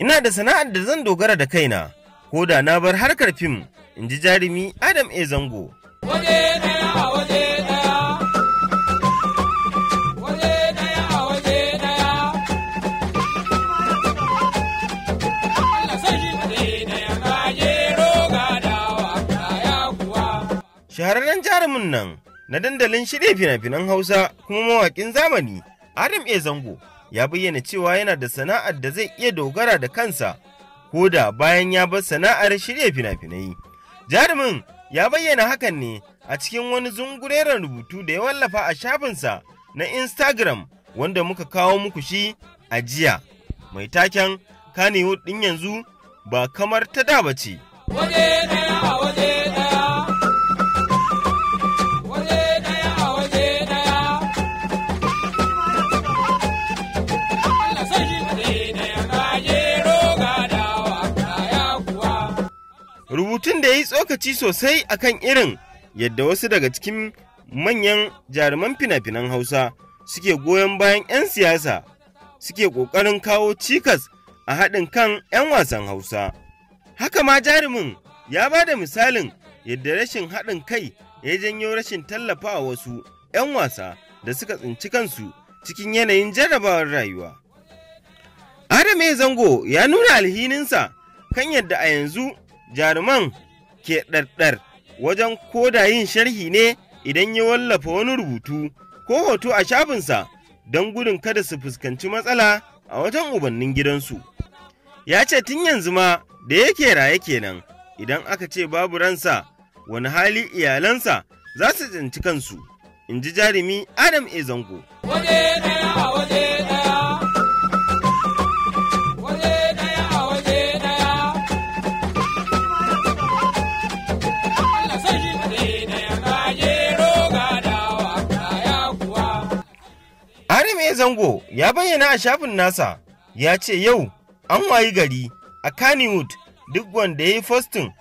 Ina da sana'ar da zan dogara da kaina, ko da na bar harkar fim, in ji jarumi Adam A. Zango. Waje ɗaya a shahararren jarumin nan na dandalin shirya fina-finan Hausa kuma mawaƙin zamani Adam E. Zango ya bayyana cewa yana da sana'ar da zai iya dogara da kansa ko da bayan ya bar sana'ar shirya fina-finai. Jarumin ya bayyana hakan ne a cikin wani zungureren rubutu da ya wallafa a shafinsa na Instagram wanda muka kawo muku shi a jiya. Mai taken Kannywood ɗin yanzu ba kamar ta da ba ce. rubutun da ya yi tsokaci sosai a kan irin yadda wasu daga cikin manyan jaruman fina-finan Hausa suke goyon bayan 'yan siyasa suke ƙoƙarin kawo cikas a haɗin kan 'yan wasan Hausa. Haka ma jarumin ya ba da misalin yadda rashin haɗin kai ya janyo rashin tallafa a wasu 'yan wasa da suka tsinci kansu cikin yanayin jarrabawar rayuwa. Adam zango ya nuna alhininsa kan yadda a yanzu jaruman ke ɗarɗar wajen koda yin sharhi ne idan ya wallafa wani rubutu ko hoto a shafinsa don gudun kada su fuskanci matsala a wajen ubannin gidansu. Ya ce tun yanzu ma da yake raye kenan idan aka ce babu ransa wani hali iyalansa za su tsinci kansu, in ji jarumi Adam Ezango. zango. zango ya bayyana a shafin nasa ya ce yau an wayi gari a Kannywood duk wanda ya yi fostin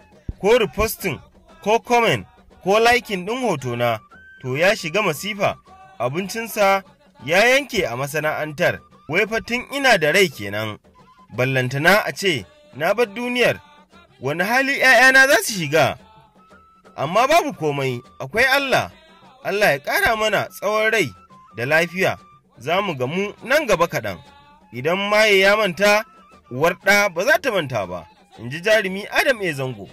ko repostin ko komen ko laikin ɗin hotona to ya shiga masifa abincinsa ya yanke a masana'antar wai fatin ina da rai kenan ballantana a ce na bar duniyar wani hali ‘ya'yana za su shiga amma babu komai akwai Allah Allah ya ƙara mana tsawon rai da lafiya za mu gamu nan gaba kaɗan. Idan maye ya manta, 'Warɗa ba za ta manta ba, in ji jarumi Adam E. Zango.